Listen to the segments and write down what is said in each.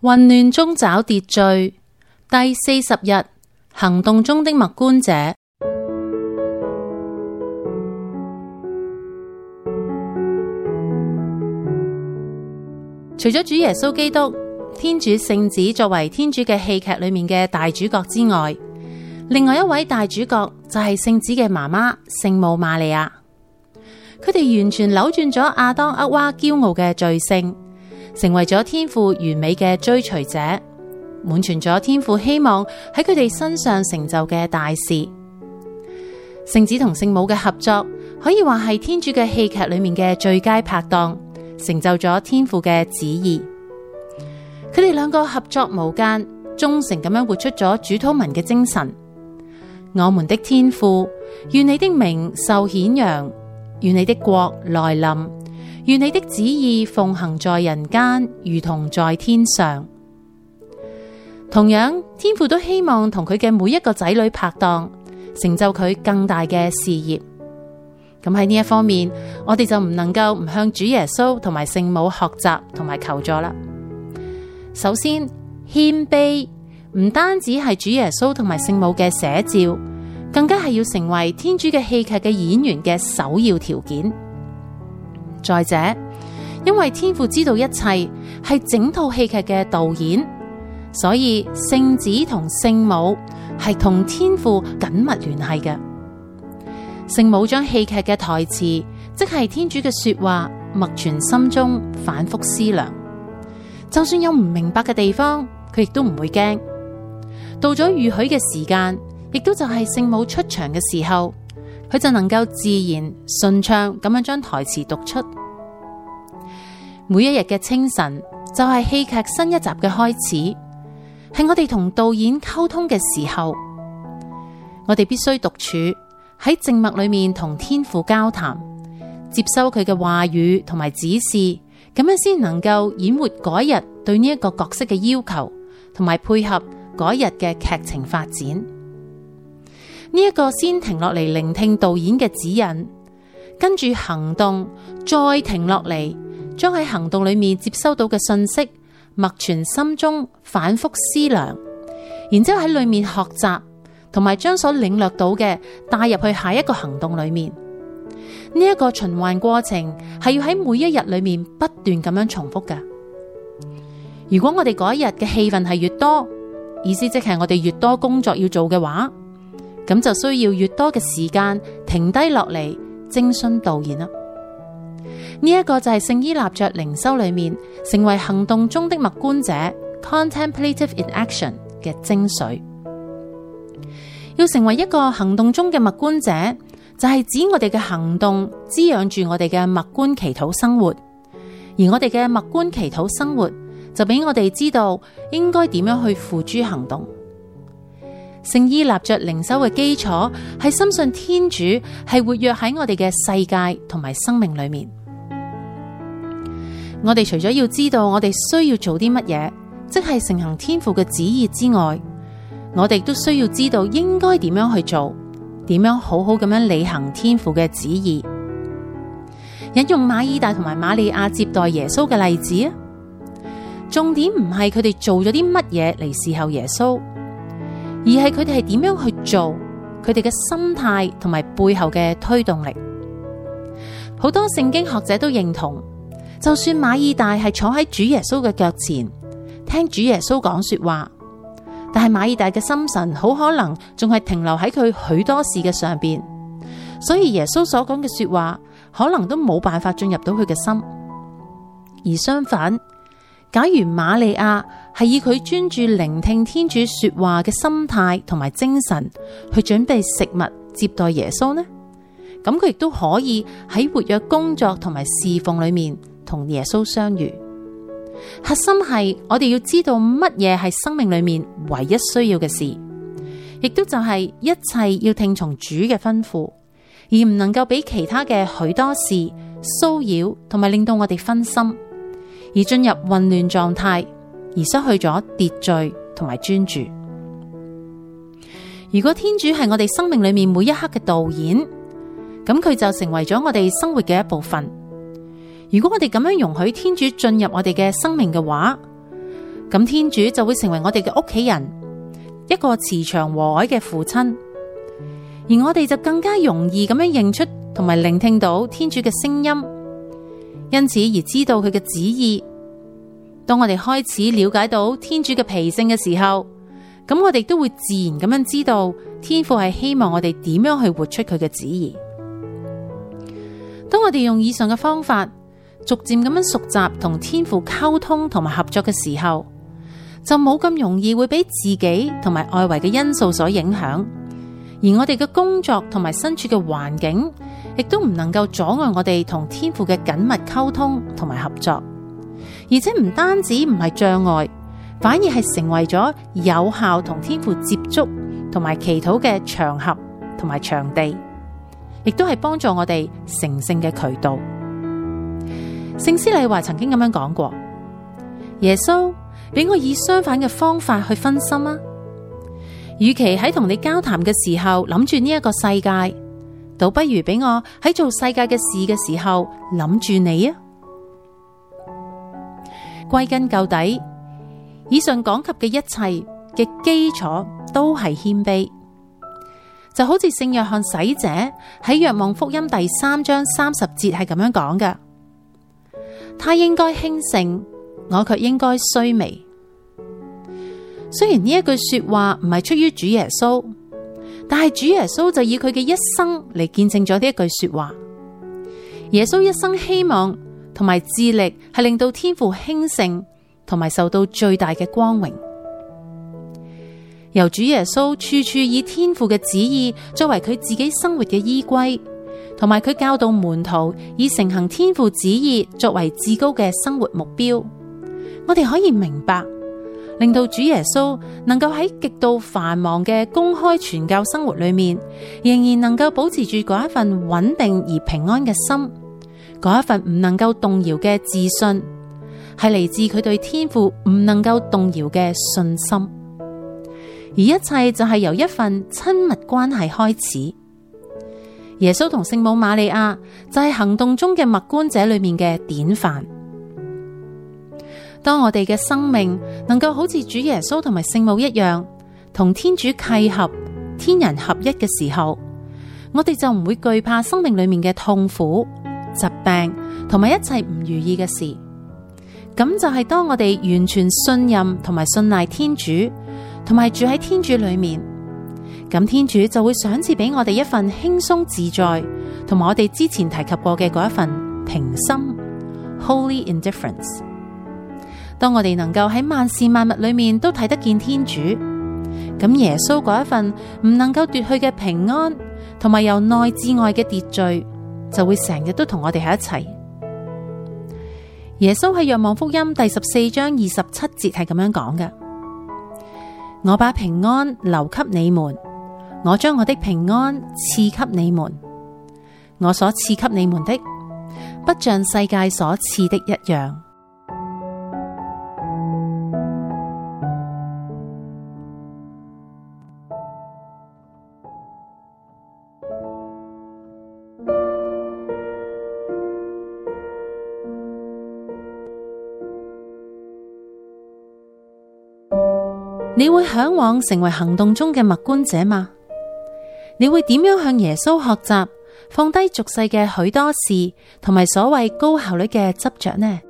混亂中找秩序，第四十日行動中的默觀者。除咗主耶穌基督、天主聖子作為天主嘅戲劇裏面嘅大主角之外，另外一位大主角就係聖子嘅媽媽聖母瑪利亞。佢哋完全扭轉咗亞當厄娃驕傲嘅罪性。成為咗天父完美嘅追隨者，滿全咗天父希望喺佢哋身上成就嘅大事。聖子同聖母嘅合作，可以話係天主嘅戲劇裏面嘅最佳拍檔，成就咗天父嘅旨意。佢哋兩個合作無間，忠誠咁樣活出咗主禱文嘅精神。我們的天父，願你的名受顯揚，願你的國來臨。願你的旨意奉行在人間，如同在天上。同樣，天父都希望同佢嘅每一個仔女拍檔，成就佢更大嘅事業。咁喺呢一方面，我哋就唔能夠唔向主耶穌同埋聖母學習同埋求助啦。首先，謙卑，唔單止係主耶穌同埋聖母嘅寫照，更加係要成為天主嘅戲劇嘅演員嘅首要條件。再者，因為天父知道一切，係整套戲劇嘅導演，所以聖子同聖母係同天父緊密聯繫嘅。聖母將戲劇嘅台詞，即係天主嘅說話，默存心中，反覆思量。就算有唔明白嘅地方，佢亦都唔會驚。到咗預許嘅時間，亦都就係聖母出場嘅時候。佢就能夠自然順暢咁樣將台詞讀出。每一日嘅清晨就係戲劇新一集嘅開始，係我哋同導演溝通嘅時候，我哋必須獨處喺靜默裏面同天父交談，接收佢嘅話語同埋指示，咁樣先能夠演活嗰日對呢一個角色嘅要求，同埋配合嗰日嘅劇情發展。呢一個先停落嚟聆聽導演嘅指引，跟住行動，再停落嚟將喺行動裏面接收到嘅信息默存心中，反覆思量，然之後喺裏面學習，同埋將所領略到嘅帶入去下一個行動裏面。呢一個循環過程係要喺每一日裏面不斷咁樣重複㗎。如果我哋嗰一日嘅戲份係越多，意思即係我哋越多工作要做嘅話。咁就需要越多嘅時間停低落嚟徵詢導演。啦。呢一個就係聖依納爵靈修裏面成為行動中的默觀者 （contemplative in action） 嘅精髓。要成為一個行動中嘅默觀者，就係、是、指我哋嘅行動滋養住我哋嘅默觀祈禱生活，而我哋嘅默觀祈禱生活就俾我哋知道應該點樣去付諸行動。聖依納爵靈修嘅基礎，係深信天主係活躍喺我哋嘅世界同埋生命裏面。我哋除咗要知道我哋需要做啲乜嘢，即係承行天父嘅旨意之外，我哋都需要知道應該點樣去做，點樣好好咁樣履行天父嘅旨意。引用瑪爾大同埋瑪利亞接待耶穌嘅例子啊，重點唔係佢哋做咗啲乜嘢嚟侍候耶穌。而係佢哋係點樣去做，佢哋嘅心態同埋背後嘅推動力，好多聖經學者都認同。就算馬爾大係坐喺主耶穌嘅腳前，聽主耶穌講說話，但係馬爾大嘅心神好可能仲係停留喺佢許多事嘅上邊，所以耶穌所講嘅說話可能都冇辦法進入到佢嘅心。而相反，假如瑪利亞係以佢專注聆聽天主說話嘅心態同埋精神去準備食物接待耶穌呢，咁佢亦都可以喺活躍工作同埋事奉裏面同耶穌相遇。核心係我哋要知道乜嘢係生命裏面唯一需要嘅事，亦都就係一切要聽從主嘅吩咐，而唔能夠俾其他嘅許多事騷擾同埋令到我哋分心。而進入混亂狀態，而失去咗秩序同埋專注。如果天主係我哋生命裏面每一刻嘅導演，咁佢就成為咗我哋生活嘅一部分。如果我哋咁樣容許天主進入我哋嘅生命嘅話，咁天主就會成為我哋嘅屋企人，一個慈祥和藹嘅父親，而我哋就更加容易咁樣認出同埋聆聽到天主嘅聲音。因此而知道佢嘅旨意。當我哋開始了解到天主嘅脾性嘅時候，咁我哋都會自然咁樣知道天父係希望我哋點樣去活出佢嘅旨意。當我哋用以上嘅方法，逐漸咁樣熟習同天父溝通同埋合作嘅時候，就冇咁容易會俾自己同埋外圍嘅因素所影響，而我哋嘅工作同埋身處嘅環境。亦都唔能夠阻礙我哋同天父嘅緊密溝通同埋合作，而且唔單止唔係障礙，反而係成為咗有效同天父接觸同埋祈禱嘅場合同埋場地，亦都係幫助我哋成聖嘅渠道。聖施禮華曾經咁樣講過：耶穌俾我以，以相反嘅方法去分心啊，與其喺同你交談嘅時候諗住呢一個世界。倒不如俾我喺做世界嘅事嘅時候諗住你啊！歸根究底，以上講及嘅一切嘅基礎都係謙卑，就好似聖若翰洗者喺《若望福音》第三章三十節係咁樣講嘅：「他應該興盛，我卻應該衰微。」雖然呢一句說話唔係出於主耶穌。但係主耶穌就以佢嘅一生嚟見證咗呢一句說話。耶穌一生希望同埋致力係令到天父興盛，同埋受到最大嘅光榮。由主耶穌處處以天父嘅旨意作為佢自己生活嘅依歸，同埋佢教導門徒以承行天父旨意作為至高嘅生活目標。我哋可以明白。令到主耶穌能夠喺極度繁忙嘅公開傳教生活裏面，仍然能夠保持住嗰一份穩定而平安嘅心，嗰一份唔能夠動搖嘅自信，係嚟自佢對天父唔能夠動搖嘅信心，而一切就係由一份親密關係開始。耶穌同聖母瑪利亞就係行動中嘅默觀者裏面嘅典範。當我哋嘅生命能夠好似主耶穌同埋聖母一樣，同天主契合、天人合一嘅時候，我哋就唔會懼怕生命裏面嘅痛苦、疾病同埋一切唔如意嘅事。咁就係當我哋完全信任同埋信賴天主，同埋住喺天主裏面，咁天主就會賞賜俾我哋一份輕鬆自在，同埋我哋之前提及過嘅嗰一份平心 （Holy Indifference）。當我哋能夠喺萬事萬物裏面都睇得見天主，咁耶穌嗰一份唔能夠奪去嘅平安，同埋由內至外嘅秩序，就會成日都同我哋喺一齊。耶穌喺《若望福音》第十四章二十七節係咁樣講嘅：「我把平安留給你們，我將我的平安賜給你們，我所賜給你們的，不像世界所賜的一樣。」你會嚮往成為行動中嘅默觀者嗎？你會點樣向耶穌學習，放低俗世嘅許多事，同埋所謂高效率嘅執着呢？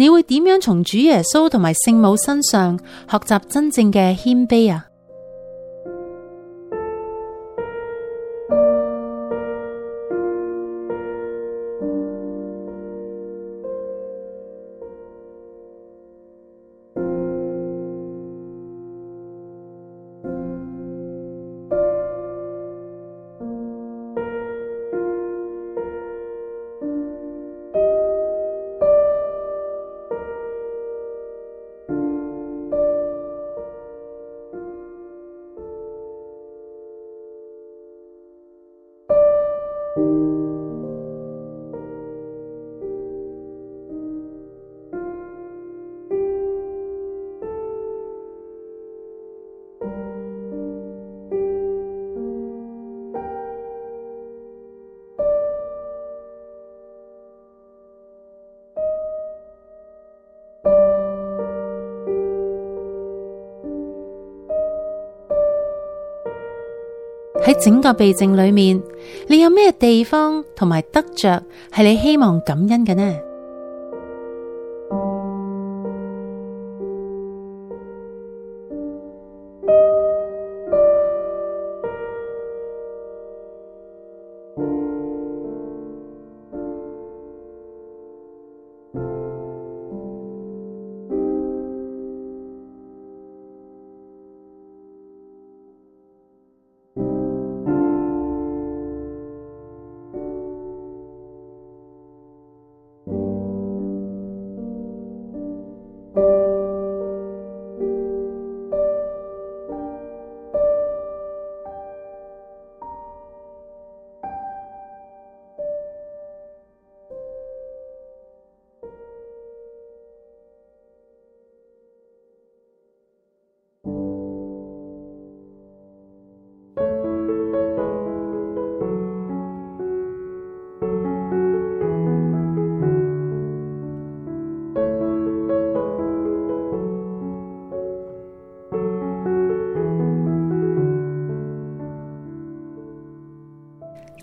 你會點樣從主耶穌同埋聖母身上學習真正嘅謙卑啊？整個避靜裏面，你有咩地方同埋得着係你希望感恩嘅呢？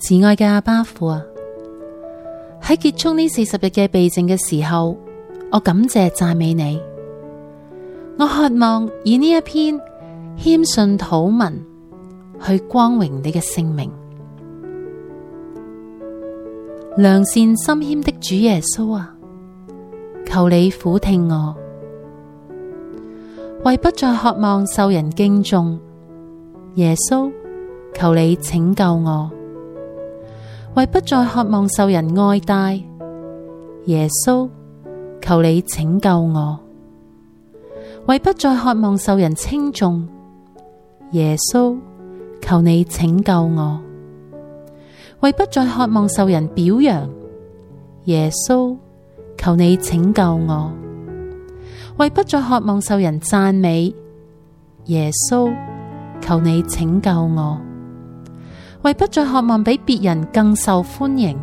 慈愛嘅阿巴父啊，喺結束呢四十日嘅避靜嘅時候，我感謝讚美你。我渴望以呢一篇謙遜禱文去光榮你嘅姓名。良善心謙的主耶穌啊，求你俯聽我，為不再渴望受人敬重，耶穌，求你拯救我。為不再渴望受人愛戴，耶穌，求你拯救我；為不再渴望受人稱重，耶穌，求你拯救我；為不再渴望受人表揚，耶穌，求你拯救我；為不再渴望受人讚美，耶穌，求你拯救我。為不再渴望比別人更受歡迎，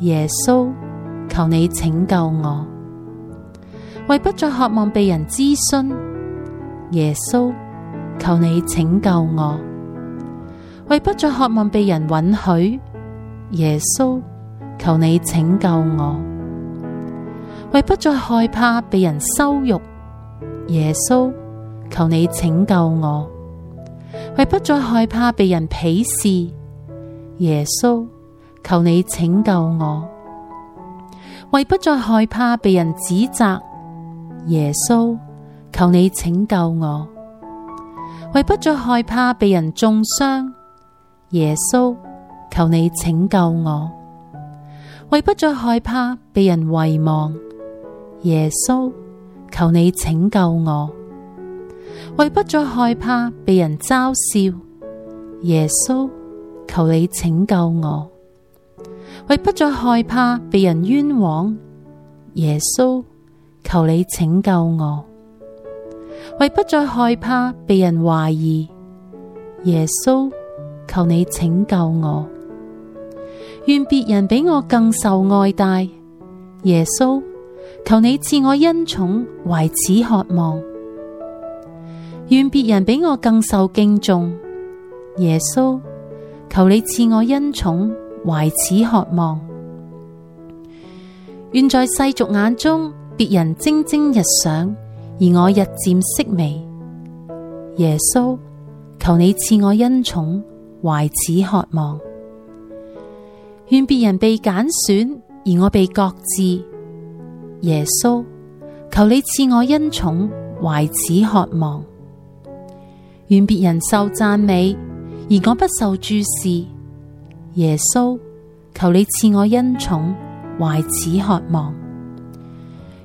耶穌求你拯救我；為不再渴望被人諮詢，耶穌求你拯救我；為不再渴望被人允許，耶穌求你拯救我；為不再害怕被人羞辱，耶穌求你拯救我。為不再害怕被人鄙視，耶穌求你拯救我；為不再害怕被人指責，耶穌求你拯救我；為不再害怕被人中傷，耶穌求你拯救我；為不再害怕被人遺忘，耶穌求你拯救我。為不再害怕被人嘲笑，耶穌求你拯救我；為不再害怕被人冤枉，耶穌求你拯救我；為不再害怕被人懷疑，耶穌求你拯救我。願別人比我更受愛戴，耶穌求你賜我恩寵，懷此渴望。願別人比我更受敬重，耶穌，求你賜我恩寵，懷此渴望。願在世俗眼中，別人蒸蒸日上，而我日漸式微。耶穌，求你賜我恩寵，懷此渴望。願別人被揀選，而我被擱置。耶穌，求你賜我恩寵，懷此渴望。願別人受讚美，而我不受注視。耶穌，求你賜我恩寵，懷此渴望。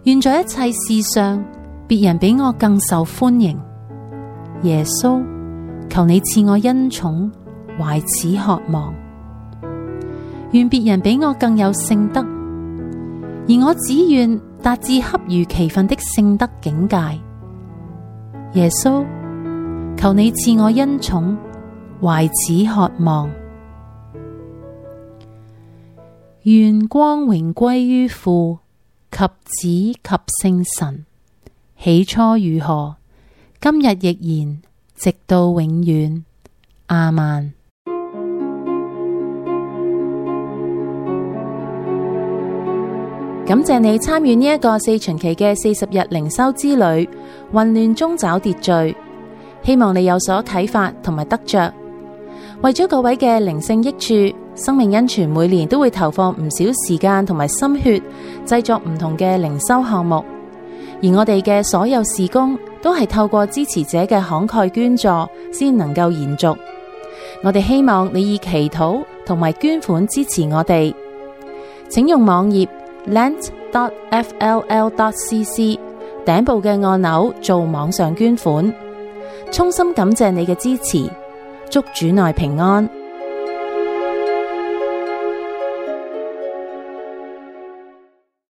願在一切事上，別人比我更受歡迎。耶穌，求你賜我恩寵，懷此渴望。願別人比我更有聖德，而我只願達至恰如其分的聖德境界。耶穌。求你賜我恩寵，懷此渴望，願光榮歸於父及子及聖神。起初如何，今日亦然，直到永遠。阿曼。感謝你參與呢一個四旬期嘅四十日靈修之旅，混亂中找秩序。希望你有所啟發同埋得着，為咗各位嘅靈性益處，生命恩泉每年都會投放唔少時間同埋心血，製作唔同嘅靈修項目。而我哋嘅所有事工都係透過支持者嘅慷慨捐助先能夠延續。我哋希望你以祈禱同埋捐款支持我哋，請用網頁 lent.fll.cc 頂部嘅按鈕做網上捐款。衷心感謝你嘅支持，祝主內平安。